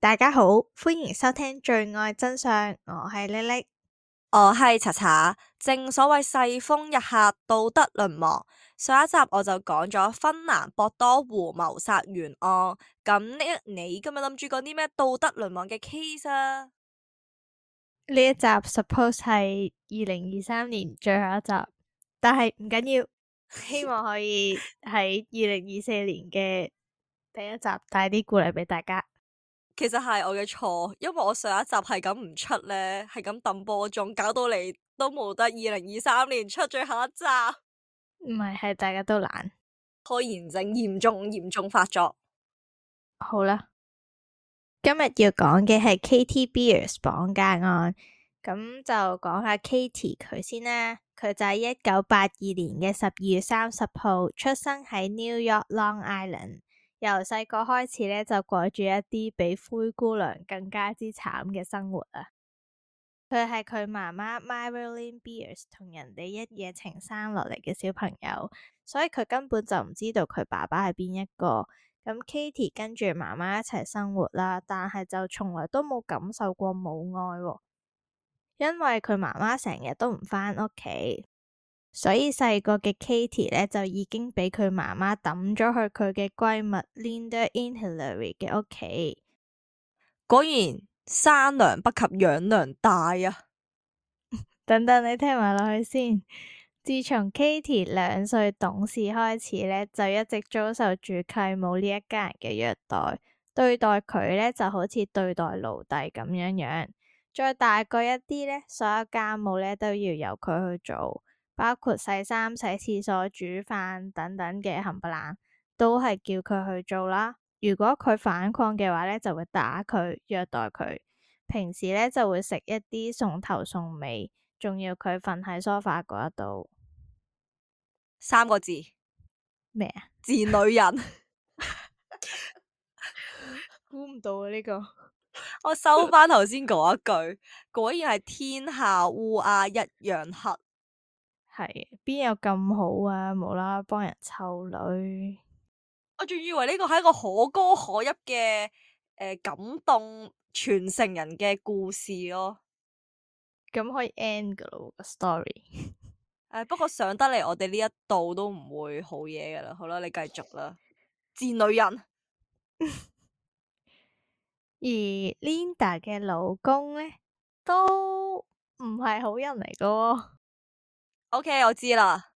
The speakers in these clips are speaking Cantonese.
大家好，歡迎收聽《罪愛真相》，我係叻叻，我係查查。正所謂世風日下，道德淪亡。上一集我就講咗芬蘭博多湖謀殺懸案。咁、哦、呢，你今日諗住講啲咩道德淪亡嘅 case 啊？呢一集 suppose 係二零二三年最後一集，但係唔緊要， 希望可以喺二零二四年嘅第一集帶啲故事俾大家。其實係我嘅錯，因為我上一集係咁唔出咧，係咁掟波鐘，搞到你都冇得。二零二三年出最後一集，唔係係大家都懶，拖延症嚴重嚴重發作。好啦，今日要講嘅係 Katie Beers 綁架案，咁就講下 Katie 佢先啦。佢就係一九八二年嘅十二月三十號出生喺 New York Long Island。由細個開始呢，就過住一啲比灰姑娘更加之慘嘅生活啊！佢係佢媽媽 Marilyn Beers 同人哋一夜情生落嚟嘅小朋友，所以佢根本就唔知道佢爸爸係邊一個。咁 Katie 跟住媽媽一齊生活啦，但係就從來都冇感受過母愛喎，因為佢媽媽成日都唔返屋企。所以細個嘅 Katie 咧，就已經俾佢媽媽抌咗去佢嘅閨蜜 Linda Intillery 嘅屋企。果然生娘不及養娘大啊！ 等等，你聽埋落去先。自從 Katie 兩歲懂事開始咧，就一直遭受住契母呢一家人嘅虐待，對待佢咧，就好似對待奴隸咁樣樣。再大個一啲咧，所有家務咧都要由佢去做。包括洗衫、洗廁所、煮飯等等嘅，冚唪唥都係叫佢去做啦。如果佢反抗嘅話咧，就會打佢、虐待佢。平時咧就會食一啲送頭送尾，仲要佢瞓喺梳化嗰一度。三個字咩啊？賤麼女人，估唔到啊！呢、這個 我收翻頭先嗰一句， 果然係天下烏鴉一樣黑。係邊有咁好啊！冇啦，幫人湊女，我仲以為呢個係一個可歌可泣嘅誒感動傳承人嘅故事咯。咁可以 end 噶啦，個 story。誒，不過上得嚟我哋呢一度都唔會好嘢噶啦。好啦，你繼續啦，賤女人。 而 Linda 嘅老公咧，都唔係好人嚟噶。O.K. 我知啦，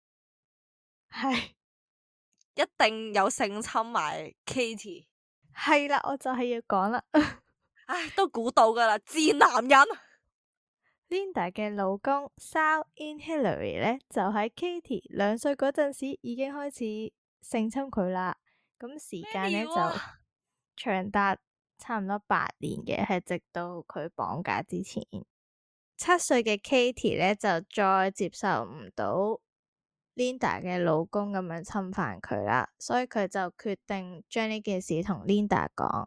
係 一定有性侵埋 Katie 係啦，我就係要講啦，唉、 哎，都估到噶啦，賤男人。 Linda 嘅老公 Sal Inghilleri 咧，就喺 Katie 兩歲嗰陣時已經開始性侵佢啦。咁、嗯、時間咧 就長達差唔多八年嘅，係直到佢綁架之前。七歲嘅 Katie 咧就再接受唔到 Linda 嘅老公咁樣侵犯佢啦，所以佢就決定將呢件事同 Linda 講。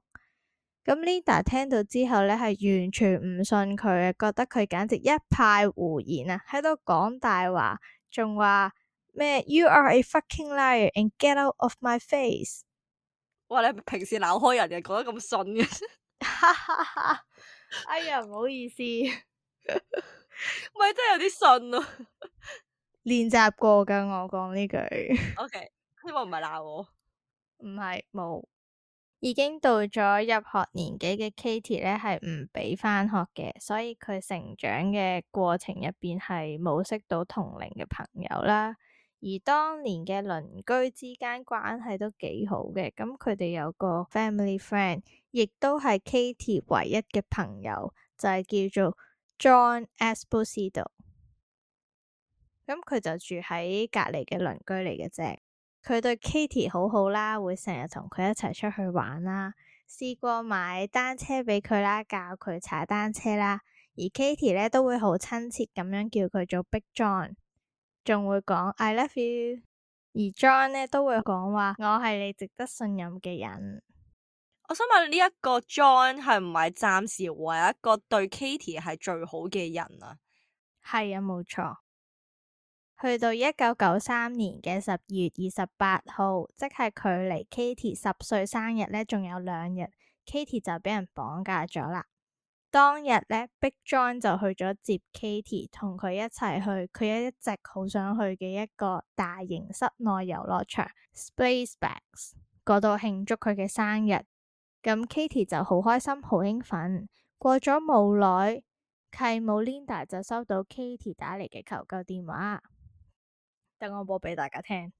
咁 Linda 聽到之後咧係完全唔信佢，覺得佢簡直一派胡言啊，喺度講大話，仲話咩？You are a fucking liar and get out of my face！哇，你係咪平時鬧開人又講得咁順嘅， 哎呀，唔好意思。咪 真係有啲信咯，啊 ，練習過噶我講呢句。 o、okay. K，希望唔係鬧我，唔係冇。已經到咗入學年紀嘅 Katie 咧，係唔俾翻學嘅，所以佢成長嘅過程入邊係冇識到同齡嘅朋友啦。而當年嘅鄰居之間關係都幾好嘅，咁佢哋有個 family friend，亦都係 Katie 唯一嘅朋友，就係、是、叫做。John Esposito，咁佢就住喺隔籬嘅鄰居嚟嘅啫。佢對 Katie 好好啦，會成日同佢一齊出去玩啦，試過買單車俾佢啦，教佢踩單車啦。而 Katie 咧都會好親切咁樣叫佢做 Big John，仲會講 I love you。而 John 咧都會講話我係你值得信任嘅人。我想問呢一個 John 係唔係暫時唯一一個對 Katie 係最好嘅人啊？係啊，冇錯。去到一九九三年嘅十二月二十八號，即係距離 Katie 十歲生日呢仲有兩日，Katie 就俾人綁架咗啦。當日呢，Big John 就去咗接 Katie，同佢一齊去佢一直好想去嘅一個大型室內遊樂場 SpaceX 嗰度慶祝佢嘅生日。咁 Katie 就好開心，好興奮。過咗冇耐，契母 Linda 就收到 Katie 打嚟嘅求救電話。等我播俾大家聽。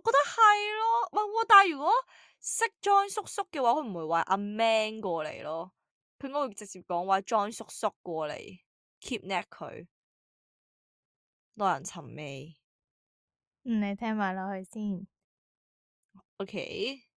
我覺得係咯，喂，但係如果識 John 叔叔嘅話，佢唔會話阿 Man 過嚟咯，佢應該會直接講話 John 叔叔過嚟，kidnap 佢，耐人尋味。嗯，你聽埋落去先。OK。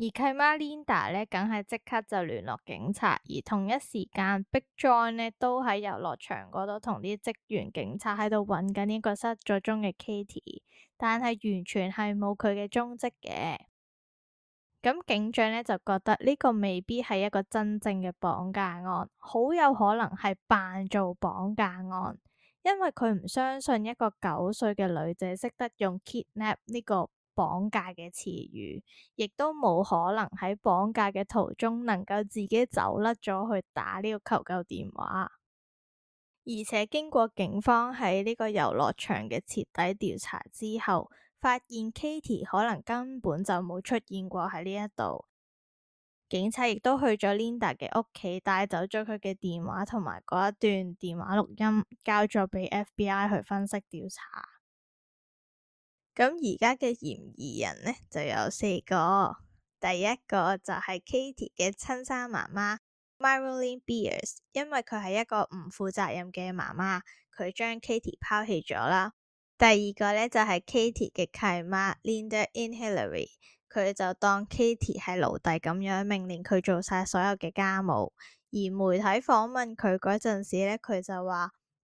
而契媽 Linda 呢，梗係即刻就聯絡警察，而同一時間，mm hmm.，Big John 呢都喺遊樂場嗰度同啲職員、警察喺度揾緊呢個失咗蹤嘅 Katie，但係完全係冇佢嘅蹤跡嘅。咁警長呢，就覺得呢個未必係一個真正嘅綁架案，好有可能係扮做綁架案，因為佢唔相信一個九歲嘅女仔識得用 kidnap 呢、這個。綁架嘅詞語，亦都冇可能喺綁架嘅途中能夠自己走甩咗去打呢個求救電話。而且經過警方喺呢個遊樂場嘅徹底調查之後，發現 Katie 可能根本就冇出現過喺呢一度。警察亦都去咗 Linda 嘅屋企，帶走咗佢嘅電話同埋嗰一段電話錄音，交咗俾 FBI 去分析調查。咁而家嘅嫌疑人呢，就有四個，第一個就係 Katie 嘅親生媽媽 Marilyn Beers，因為佢係一個唔負責任嘅媽媽，佢將 Katie 拋棄咗啦。第二個呢，就係 Katie 嘅契媽 Linda In Hillary，佢就當 Katie 係奴隸咁樣，命令佢做晒所有嘅家務。而媒體訪問佢嗰陣時呢，佢就話。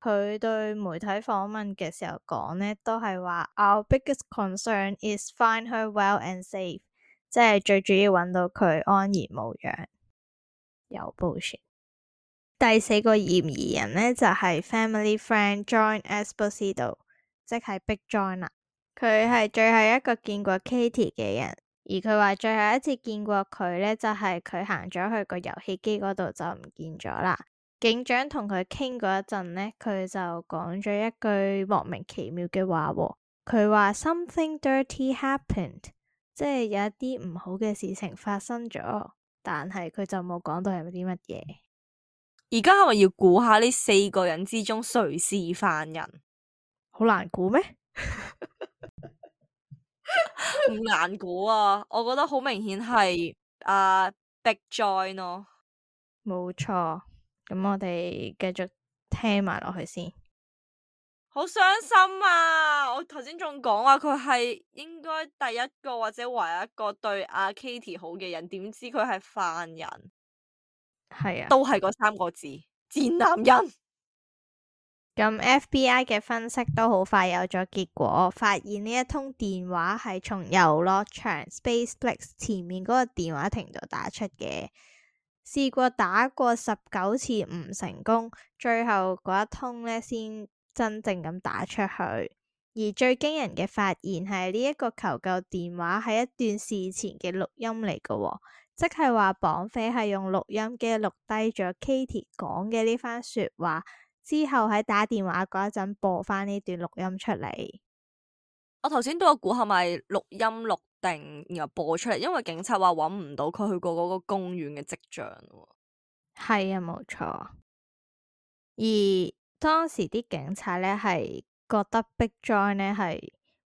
佢對媒體訪問嘅時候講呢都係話 Our biggest concern is find her well and safe，即係最主要揾到佢安然無恙。有報傳，第四個嫌疑人呢，就係、是、family friend John Esposito，即係 Big John 啦。佢係最後一個見過 Katie 嘅人，而佢話最後一次見過佢呢，就係佢行咗去個遊戲機嗰度就唔見咗啦。警長同佢傾嗰一陣咧，佢就講咗一句莫名其妙嘅話。佢話 something dirty happened，即係有一啲唔好嘅事情發生咗，但係佢就冇講到係啲乜嘢。而家係咪要估下呢四個人之中誰是犯人？好難估咩？唔 難估啊！我覺得好明顯係啊 Big John 咯，冇錯。咁我哋繼續聽埋落去先，好傷心啊！我頭先仲講話佢係應該第一個或者唯一一個對阿 Katie 好嘅人，點知佢係犯人，係啊，都係嗰三個字賤男人。咁 FBI 嘅分析都好快有咗結果，發現呢一通電話係從遊樂場 Spaceplex 前面嗰個電話亭度打出嘅。試過打過十九次唔成功，最後嗰一通呢先真正咁打出去。而最驚人嘅發現係呢一個求救電話係一段事前嘅錄音嚟嘅喎，即係話綁匪係用錄音機錄低咗 Katie 講嘅呢番說話，之後喺打電話嗰一陣播翻呢段錄音出嚟。我頭先都有估係咪錄音錄？定然後播出嚟，因為警察話揾唔到佢去過嗰個公園嘅跡象。係啊，冇錯。而當時啲警察呢，係覺得 Big j 畢莊呢係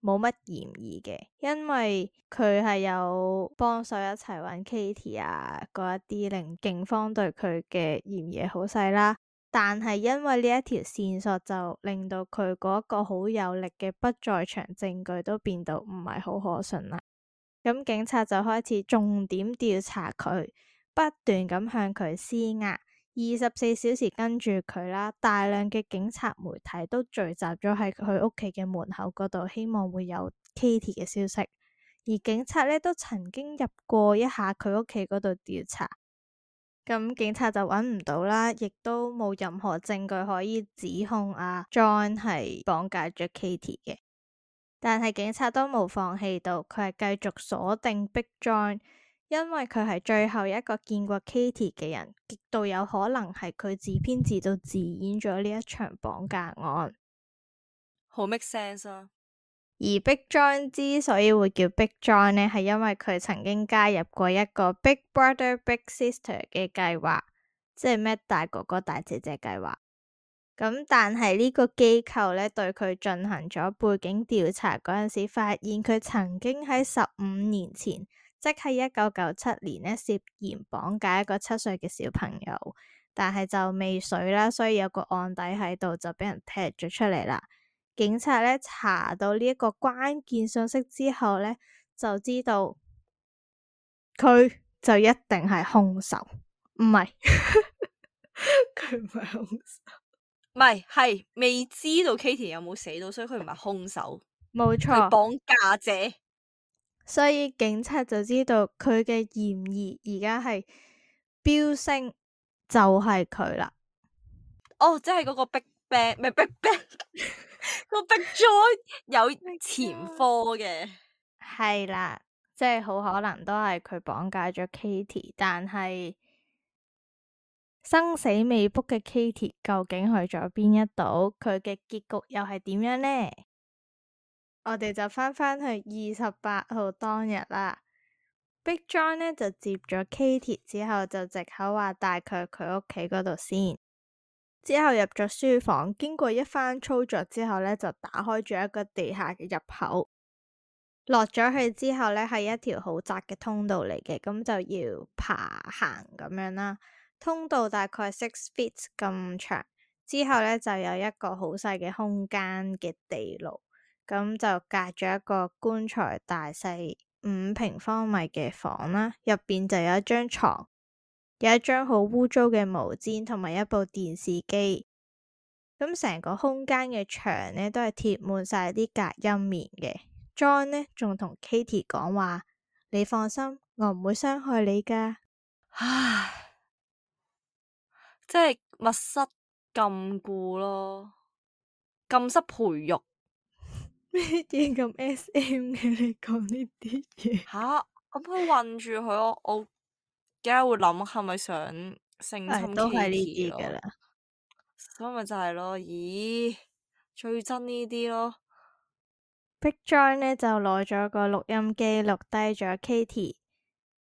冇乜嫌疑嘅，因為佢係有幫手一齊揾 Kitty 啊，嗰一啲令警方對佢嘅嫌疑好細啦。但係因為呢一條線索就令到佢嗰個好有力嘅不在場證據都變到唔係好可信啦。咁警察就開始重點調查佢，不斷咁向佢施壓，二十四小時跟住佢啦，大量嘅警察媒體都聚集咗喺佢屋企嘅門口嗰度，希望會有 Katie 嘅消息。而警察呢，都曾經入過一下佢屋企嗰度調查，咁、嗯、警察就揾唔到啦，亦都冇任何證據可以指控阿、啊、John 係綁架咗 Katie 嘅。但係警察都冇放棄到，佢係繼續鎖定 Big John，因為佢係最後一個見過 Katie 嘅人，極度有可能係佢自編自導自演咗呢一場綁架案，好 make sense 咯、哦。而 Big John 之所以會叫 Big John 呢係因為佢曾經加入過一個 Big Brother Big Sister 嘅計劃，即係咩大哥哥大姐姐計劃。咁但係呢個機構呢對佢進行咗背景調查嗰陣時，發現佢曾經喺十五年前，即係一九九七年呢涉嫌綁架一個七歲嘅小朋友，但係就未遂啦，所以有個案底喺度就俾人踢咗出嚟。啦警察呢查到呢一個關鍵信息之後呢就知道佢就一定係兇手，唔係佢唔係兇手。 唔係，係未知道 Katie 有冇死到，所以佢唔係凶手，冇錯錯，綁架者，所以警察就知道佢嘅嫌疑而家係飆升就，就係佢啦。哦，即係嗰個 Big Ben，唔係 Big Ben，個 Big John 有前科嘅，係啦 ，即係好可能都係佢綁架咗 Katie 但係。生死未卜嘅 Katie 究竟去咗邊一度？佢嘅結局又係點樣呢？我哋就翻返去二十八號當日啦。Big John 呢就接咗 Katie 之後，就藉口話帶佢去佢屋企嗰度先。之後入咗書房，經過一番操作之後呢，就打開咗一個地下嘅入口。落咗去之後呢，係一條好窄嘅通道嚟嘅，咁就要爬行咁樣啦。通道大概 six feet 咁長，之後呢，就有一個好細嘅空間嘅地牢，咁就隔咗一個棺材大，大細五平方米嘅房啦，入邊就有一張床，有一張好污糟嘅毛氈同埋一部電視機，咁成個空間嘅牆呢都係貼滿晒啲隔音棉嘅。John 呢仲同 Katie 講話，你放心，我唔會傷害你噶。唉。即係密室禁錮咯，禁室培育咩嘢咁 S.M. 嘅？你講呢啲嘢吓？咁佢、啊嗯、困住佢我，我梗係會諗係咪想性侵？都係呢啲嘅啦，咁咪就係咯？咦，最真呢啲咯？Big John 呢就攞咗個錄音機錄低咗 Katie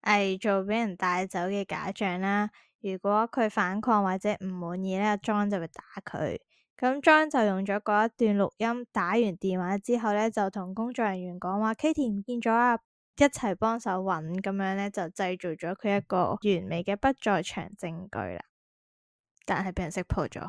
係做俾人帶走嘅假象啦。如果佢反抗或者唔滿意呢，John 就會打佢。咁 John 就用咗嗰一段錄音，打完電話之後呢，就同工作人員講話：「Katie 唔見咗啊，一齊幫手揾。」咁樣呢，就製造咗佢一個完美嘅不在場證據啦。但係俾人識破咗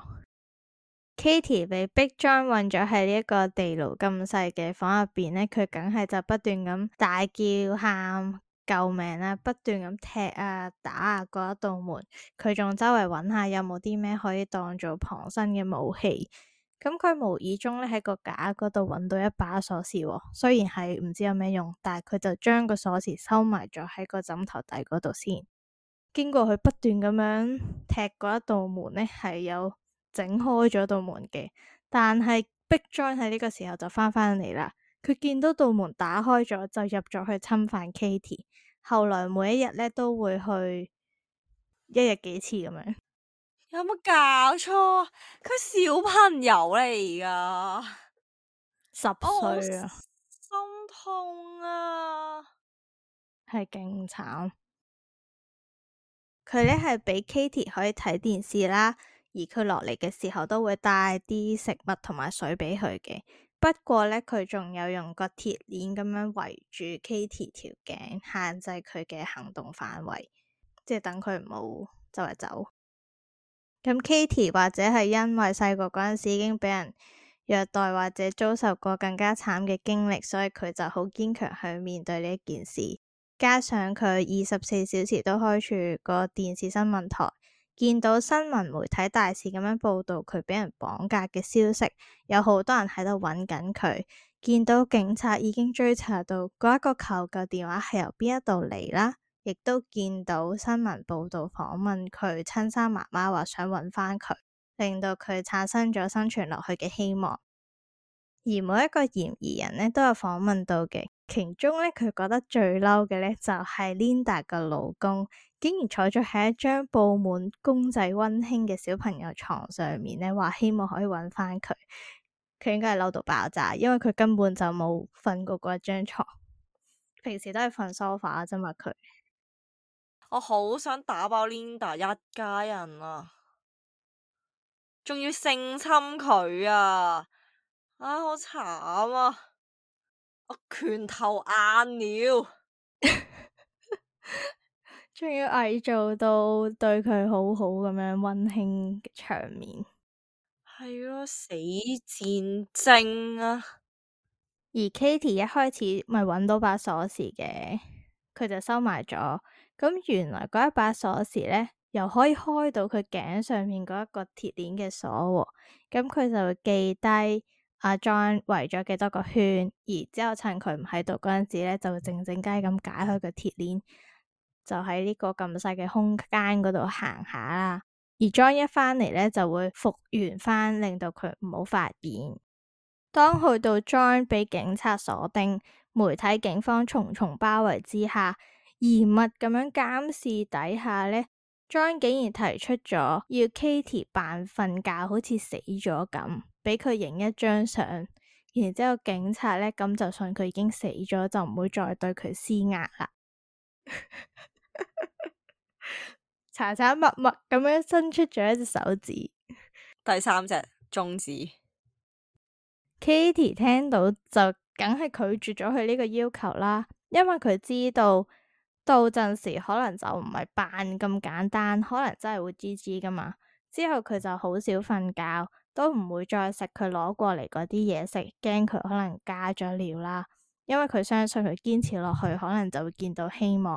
，Katie 被逼裝暈咗喺呢一個地牢咁細嘅房入邊呢，佢梗係就不斷咁大叫喊。救命啊！不斷咁踢啊打啊嗰一道門，佢仲周圍揾下有冇啲咩可以當做傍身嘅武器。咁佢無意中咧喺個架嗰度揾到一把鎖匙，哦，雖然係唔知有咩用，但係佢就將個鎖匙收埋咗喺個枕頭底嗰度先。經過佢不斷咁樣踢嗰一道門咧，係有整開咗道門嘅。但係 Big John 喺呢個時候就翻返嚟啦。佢見到道門打開咗，就入咗去侵犯 Katie。後來每一日咧都會去一日幾次咁樣。有冇搞錯？佢小朋友嚟噶，十歲啊！心痛啊，係勁慘。佢咧係俾 Katie 可以睇電視啦，而佢落嚟嘅時候都會帶啲食物同埋水俾佢嘅。不過咧，佢仲有用個鐵鏈咁樣圍住 Katie 條頸，限制佢嘅行動範圍，即係等佢唔好周圍走。咁 Katie 或者係因為細個嗰陣時已經俾人虐待，或者遭受過更加慘嘅經歷，所以佢就好堅強去面對呢一件事。加上佢二十四小時都開住個電視新聞台。見到新聞媒體大肆咁樣報道佢畀人綁架嘅消息，有好多人喺度揾緊佢。見到警察已經追查到嗰一個求救電話係由邊一度嚟啦，亦都見到新聞報道訪問佢親生媽媽話想揾返佢，令到佢產生咗生存落去嘅希望。而每一個嫌疑人呢都有訪問到嘅。其中咧，佢覺得最嬲嘅咧，就係、是、Linda 嘅老公，竟然坐咗喺一張布滿公仔溫馨嘅小朋友床上面咧，話希望可以揾返佢，佢應該係嬲到爆炸，因為佢根本就冇瞓過嗰一張床，平時都係瞓梳化啫嘛。佢，我好想打爆 Linda 一家人啊，仲要性侵佢啊，哎、好慘啊，好慘啊！我拳頭硬了，仲 要偽造到對佢好好咁樣溫馨嘅場面。係咯，死戰爭啊！而 Katie 一開始咪搵到把鎖匙嘅，佢就收埋咗。咁原來嗰一把鎖匙咧，又可以開到佢頸上面嗰一個鐵鏈嘅鎖。咁佢就會記低。阿 John 圍咗幾多個圈，而之後趁佢唔喺度嗰陣時咧，就靜靜雞咁解開個鐵鏈，就喺呢個咁細嘅空間嗰度行下啦。而 John 一返嚟咧，就會復原返，令到佢唔好發現。當去到 John 畀警察鎖定、媒體、警方重重包圍之下，嚴密咁樣監視底下咧，John 竟然提出咗要 Katie 扮瞓覺，好似死咗咁。俾佢影一張相，然之後警察咧咁就信佢已經死咗，就唔會再對佢施壓啦。查查默默咁樣伸出咗一隻手指，第三隻中指。Katie 聽到就梗係拒絕咗佢呢個要求啦，因為佢知道到陣時可能就唔係扮咁簡單，可能真係會吱吱噶嘛。之後佢就好少瞓覺。都唔會再食佢攞過嚟嗰啲嘢食，驚佢可能加咗料啦。因為佢相信佢堅持落去，可能就會見到希望。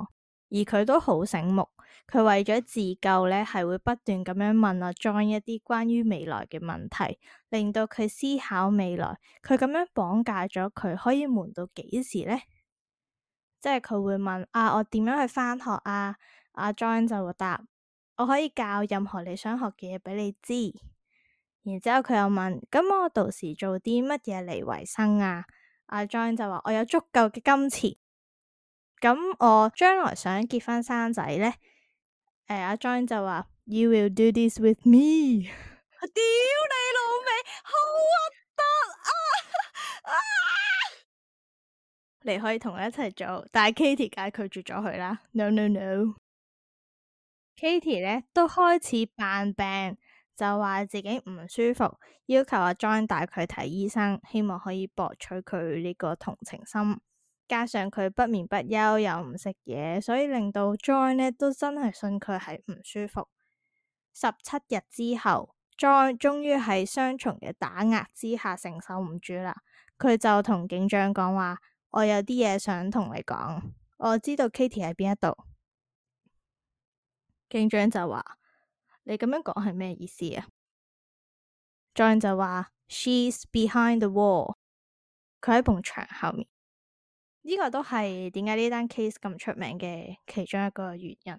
而佢都好醒目，佢為咗自救呢，係會不斷咁樣問阿 John 一啲關於未來嘅問題，令到佢思考未來。佢咁樣綁架咗佢，可以瞞到幾時呢？即係佢會問啊，我點樣去返學啊？阿、啊、John 就會答：我可以教任何你想學嘅嘢俾你知。然之後佢又問：咁、嗯、我到時做啲乜嘢嚟維生啊？阿、啊、John 就話：我有足夠嘅金錢，咁、嗯、我將來想結婚生仔咧。誒，阿 John 就話：You will do this with me。屌 你老味，好核突啊！啊你可以同我一齊做，但係 Katie 梗係拒絕咗佢啦。No no no，Katie 咧都開始扮病。就話自己唔舒服，要求阿 John 帶佢睇醫生，希望可以博取佢呢個同情心。加上佢不眠不休又唔食嘢，所以令到 John 呢都真係信佢係唔舒服。十七日之後，John 終於喺雙重嘅打壓之下承受唔住啦，佢就同警長講話：我有啲嘢想同你講，我知道 Katie 喺邊一度。警長就話。你咁樣講係咩意思啊？John 就話，she's behind the wall，佢喺埲牆後面。呢、這個都係點解呢單 case 咁出名嘅其中一個原因。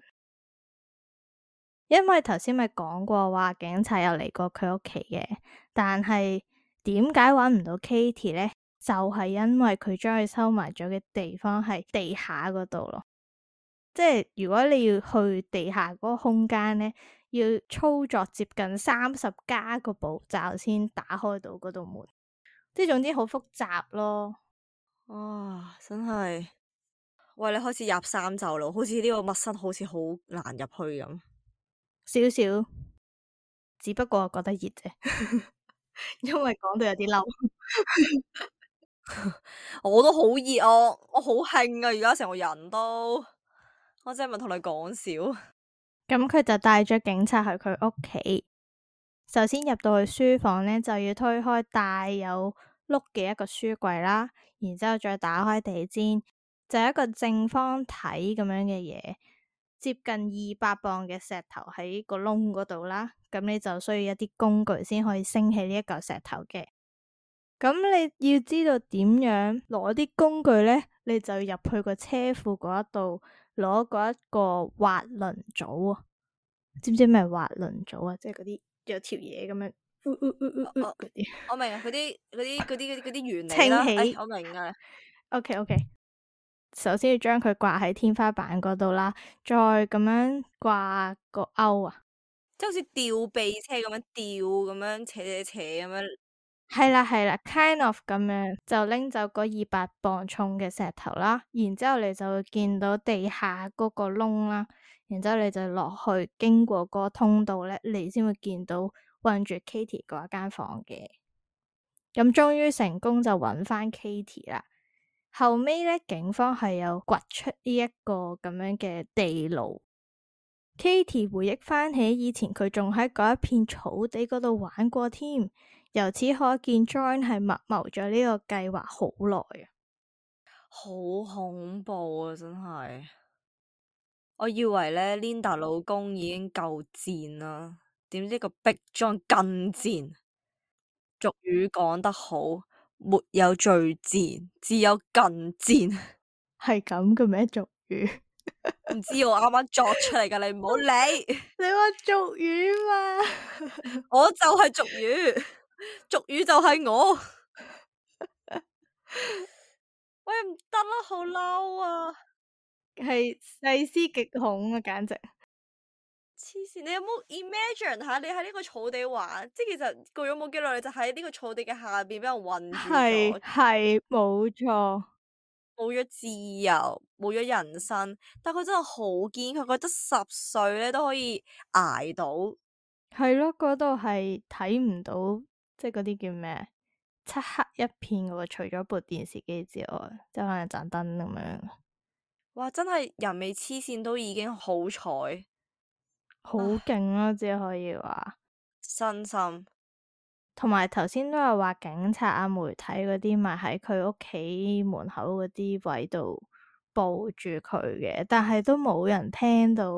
因為頭先咪講過話，警察有嚟過佢屋企嘅，但係點解揾唔到 Katie 咧？就係、是、因為佢將佢收埋咗嘅地方係地下嗰度咯。即係如果你要去地下嗰個空間咧。要操作接近三十加個步驟先打開到嗰道門，即係總之好複雜咯。哇，真係，喂，你開始入三袖咯，好似呢個密室好似好難入去咁，少少。只不過覺得熱啫， 因為講到有啲嬲 我都好熱，我我好興啊，而家成個人都，我真係咪同你講笑？咁佢就帶咗警察去佢屋企，首先入到去書房呢，就要推開帶有碌嘅一個書櫃啦，然之後再打開地氈，就係、一個正方體咁樣嘅嘢，接近二百磅嘅石頭喺個窿嗰度啦。咁你就需要一啲工具先可以升起呢一嚿石頭嘅。咁你要知道點樣攞啲工具呢，你就入去個車庫嗰一度。攞嗰一個滑輪組啊，知唔知咩滑輪組啊？即係嗰啲有條嘢咁樣，啲、呃呃呃呃呃、我，我明啊，嗰啲啲啲啲原理啦。哎，我明啊。OK，OK okay, okay。首先要將佢掛喺天花板嗰度啦，再咁樣掛個鈎啊，即係好似吊臂車咁樣吊咁樣斜斜斜咁樣。係啦係啦，kind of 咁樣就拎走嗰二百磅重嘅石頭啦，然之後你就會見到地下嗰個窿啦，然之後你就落去經過嗰個通道呢，你先會見到困住 Katie 嗰一間房嘅。咁終於成功就搵翻 Katie 啦。後尾呢，警方係有掘出呢一個咁樣嘅地牢。Katie 回憶翻起以前佢仲喺嗰一片草地嗰度玩過添。由此可見，John 係密謀咗呢個計劃好耐啊！好恐怖啊！真係，我以為呢 Linda 老公已經夠賤啦，點知個 Big John 更賤。俗語講得好，沒有最賤，只有更賤，係咁嘅咩？俗語唔 知我啱啱作出嚟嘅，你唔好理。 你話俗語嘛？ 我就係俗語。俗語就係我 喂，喂唔得咯，好嬲啊，係細思極恐啊，簡直黐線！你有冇 imagine 下？你喺呢個草地玩，即係其實過咗冇幾耐，你就喺呢個草地嘅下邊俾人困住咗，係係冇錯，冇咗自由，冇咗人生。但佢真係好堅，佢覺得十歲咧都可以捱到，係咯，嗰度係睇唔到。即係嗰啲叫咩？漆黑一片嗰個，除咗部電視機之外，即係可能盞燈咁樣。哇！真係人未黐線，都已經好彩，好勁咯，啊，唉只可以話身心。同埋頭先都有話警察啊，媒體嗰啲咪喺佢屋企門口嗰啲位度布住佢嘅，但係都冇人聽到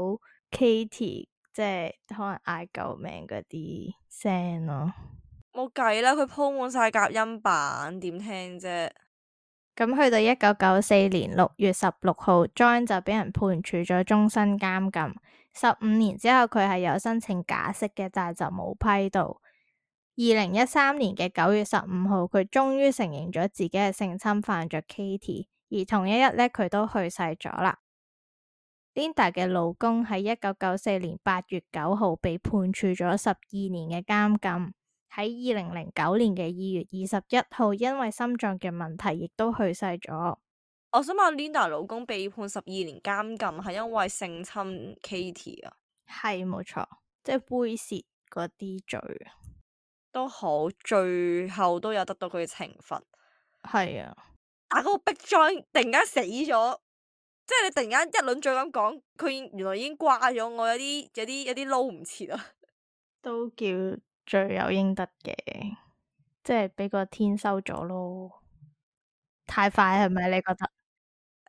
Katie 即係可能嗌救命嗰啲聲咯。冇計啦，佢鋪滿晒隔音板，點聽啫？咁去到一九九四年六月十六號，John 就俾人判處咗終身監禁。十五年之後，佢係有申請假釋嘅，但係就冇批到。二零一三年嘅九月十五號，佢終於承認咗自己嘅性侵犯咗 Katie，而同一日呢，佢都去世咗啦。Linda 嘅老公喺一九九四年八月九號被判處咗十二年嘅監禁。喺二零零九年嘅二月二十一號，因為心臟嘅問題，亦都去世咗。我想問 Linda 老公被判十二年監禁，係因為性侵 Katie 啊？係，冇錯，即係猥褻嗰啲罪，都好，最後都有得到佢嘅懲罰。係啊，啊嗰個 Big John 突然間死咗，即係你突然間一輪嘴咁講，佢原來已經掛咗，我有啲有啲有啲撈唔切啊，都叫。罪有應得嘅，即係俾個天收咗咯。太快係咪你覺得？誒、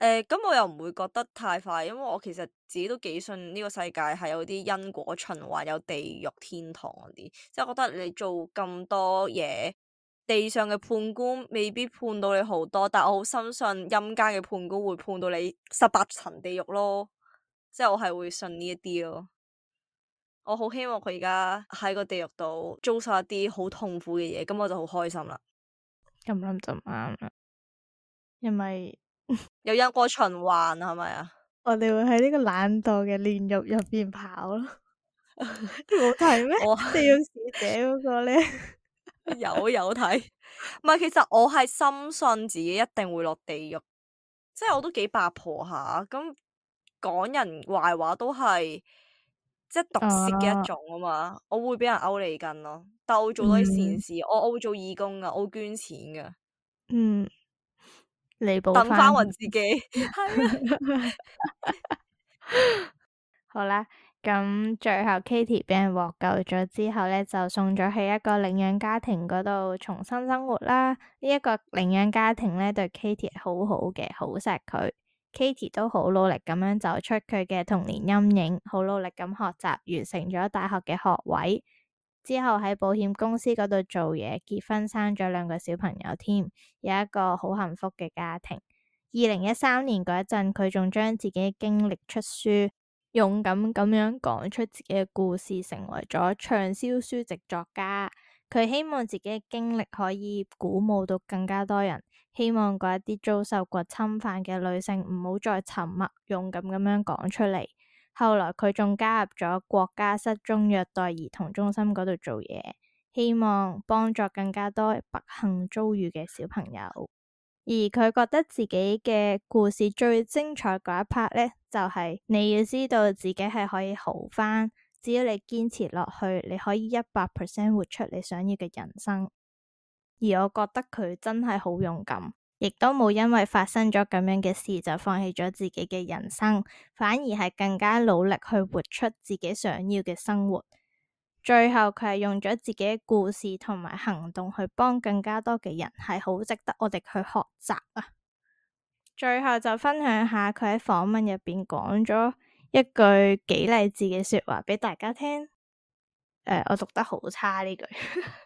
呃，咁我又唔會覺得太快，因為我其實自己都幾信呢個世界係有啲因果循環，有地獄天堂嗰啲，即係覺得你做咁多嘢，地上嘅判官未必判到你好多，但我好深信陰間嘅判官會判到你十八層地獄咯。即係我係會信呢一啲咯。我好希望佢而家喺個地獄度遭受啲好痛苦嘅嘢，咁我就好開心啦。咁諗就啱啦，因為 有因果循環係咪啊？是是我哋會喺 嗎我是 呢個懶惰嘅煉獄入邊跑咯，冇睇咩？我你死者嗰個咧，有有睇。唔 係，其實我係深信自己一定會落地獄，即係我都幾八婆下。咁、啊、講人壞話都係。即係毒舌嘅一種啊嘛，哦、我會畀人勾你近咯，但我做多啲善事，嗯、我我會做義工噶，我會捐錢噶，嗯，彌補翻，等翻勻自己。好啦，咁最後 Katie 畀人獲救咗之後咧，就送咗去一個領養家庭嗰度重新生活啦。呢、這、一個領養家庭咧對 Katie 好好嘅，好錫佢。Katie 都好努力咁樣走出佢嘅童年陰影，好努力咁學習，完成咗大學嘅學位之後喺保險公司嗰度做嘢，結婚生咗兩個小朋友添，有一個好幸福嘅家庭。二零一三年嗰一陣，佢仲將自己嘅經歷出書，勇敢咁樣講出自己嘅故事，成為咗暢銷書籍作家。佢希望自己嘅經歷可以鼓舞到更加多人。希望嗰一啲遭受過侵犯嘅女性唔好再沉默，勇敢咁樣講出嚟。後來佢仲加入咗國家失蹤虐待兒童中心嗰度做嘢，希望幫助更加多不幸遭遇嘅小朋友。而佢覺得自己嘅故事最精彩嗰一 part 呢，就係、是、你要知道自己係可以好返，只要你堅持落去，你可以一百 percent 活出你想要嘅人生。而我覺得佢真係好勇敢，亦都冇因為發生咗咁樣嘅事就放棄咗自己嘅人生，反而係更加努力去活出自己想要嘅生活。最後佢係用咗自己嘅故事同埋行動去幫更加多嘅人，係好值得我哋去學習啊！最後就分享下佢喺訪問入邊講咗一句幾勵志嘅說話俾大家聽。呃，我讀得好差呢句。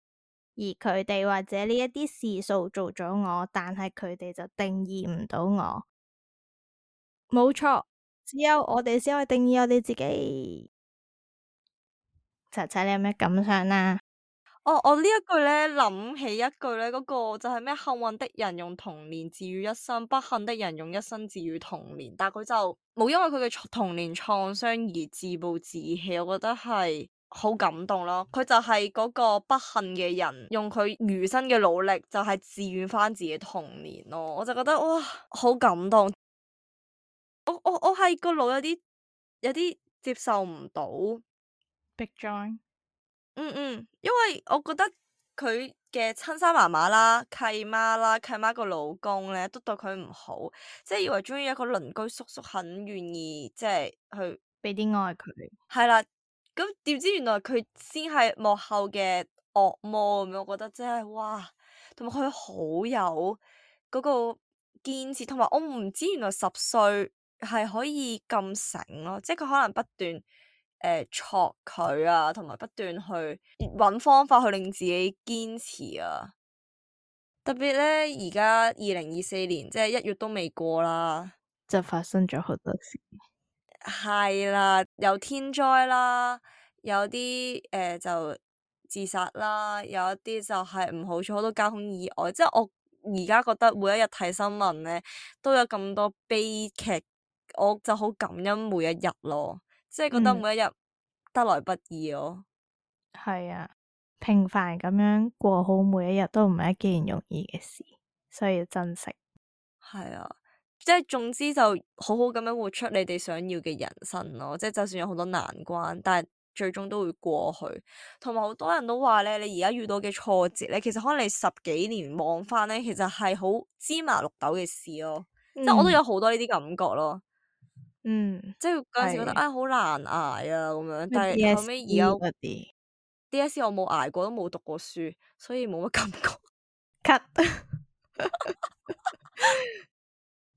而佢哋或者呢一啲事數做咗我，但係佢哋就定義唔到我。冇錯，只有我哋先可以定義我哋自己。查查，你有咩感想啦、啊？哦，我呢一句咧，諗起一句咧，嗰、那個就係咩？幸運的人用童年治愈一生，不幸的人用一生治愈童年。但佢就冇因為佢嘅童年創傷而自暴自棄，我覺得係。好感動咯！佢就係嗰個不幸嘅人，用佢餘生嘅努力，就係治癒翻自己童年咯。我就覺得哇，好感動！我我我係個腦有啲有啲接受唔到。Big join？嗯嗯，因為我覺得佢嘅親生媽媽啦、契媽啦、契媽個老公咧，都對佢唔好，即係以為終於有一個鄰居叔叔，叔很願意即係去俾啲愛佢。係啦。咁點知原來佢先係幕後嘅惡魔咁樣，我覺得真係哇！同埋佢好有嗰個堅持，同埋我唔知原來十歲係可以咁醒咯，即係佢可能不斷誒戳佢啊，同埋不斷去搵方法去令自己堅持啊。特別咧，而家二零二四年即係一月都未過啦，就發生咗好多事。係啦，有天災、呃、啦，有啲誒就自殺啦，有一啲就係唔好彩，好多交通意外，即係我而家覺得每一日睇新聞咧都有咁多悲劇，我就好感恩每一日咯，即係覺得每一日、嗯、得來不易哦。係啊，平凡咁樣過好每一日都唔係一件容易嘅事，需要珍惜。係啊。即係總之就好好咁樣活出你哋想要嘅人生咯，即係就算有好多難關，但係最終都會過去。同埋好多人都話咧，你而家遇到嘅挫折咧，其實可能你十幾年望翻咧，其實係好芝麻綠豆嘅事咯。嗯、即係我都有好多呢啲感覺咯。嗯，即係嗰陣時覺得啊好的、哎、難捱啊咁樣，但係後尾而家 D S C 我冇捱過，都冇讀過書，所以冇乜感覺。Cut.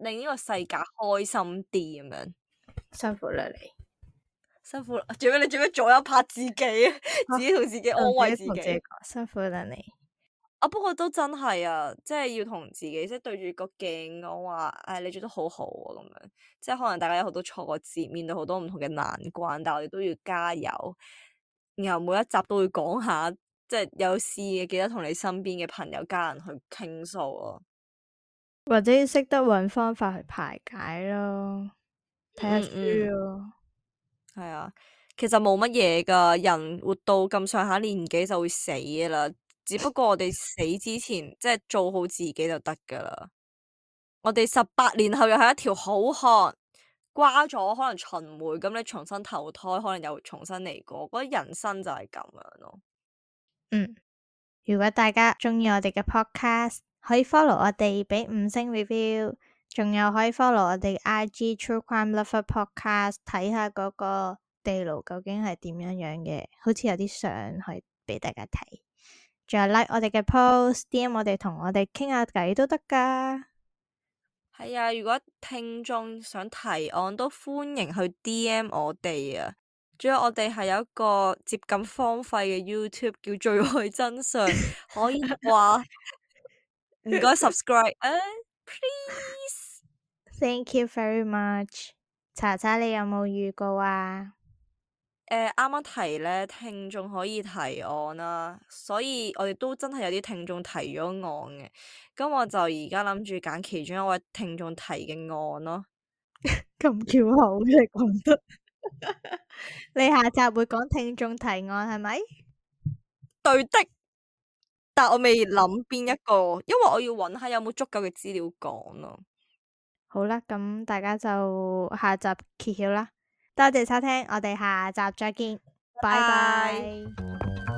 令呢個世界開心啲咁樣，辛苦啦你，辛苦，做咩，你做咩？左一拍自己啊，自己同自己安慰自己，自己自己辛苦啦你。啊，不過都真係啊，即係要同自己，即係對住個鏡講話，誒、哎，你做得好好，啊、咁樣。即係可能大家有好多挫折，面對好多唔同嘅難關，但我哋都要加油。然後每一集都會講下，即係有事嘅記得同你身邊嘅朋友、家人去傾訴啊。或者要識得揾方法去排解咯，睇下書咯。係啊、嗯嗯，其實冇乜嘢噶，人活到咁上下年紀就會死噶啦。只不過我哋死之前， 即係做好自己就得噶啦。我哋十八年後又係一條好漢，瓜咗可能輪迴咁，你重新投胎，可能又重新嚟過。覺得人生就係咁樣咯。嗯，如果大家鍾意我哋嘅 podcast，可以 follow 我哋俾五星 review，仲有可以 follow 我哋 IG True Crime Lover Podcast 睇下嗰個地牢究竟係點樣樣嘅，好似有啲相可以俾大家睇。仲有 like 我哋嘅 post，D M 我哋同我哋傾下偈都得噶。係啊，如果聽眾想提案，都歡迎去 D M 我哋啊。仲有我哋係有一個接近荒廢嘅 YouTube 叫《罪愛真相》，可以話。 唔該 subscribe， 誒、啊、 please，thank you very much。查查你有冇預告啊？誒、呃，啱啱提咧，聽眾可以提案啦、啊，所以我哋都真係有啲聽眾提咗案嘅。咁我就而家諗住揀其中一位聽眾提嘅案咯。咁 巧好你講得， 你下集會講聽眾提案係咪？對的。但我未諗邊一個，因為我要搵下有冇足夠嘅資料講咯。好啦，咁大家就下集揭曉啦。多謝收聽，我哋下集再見，拜拜。Bye bye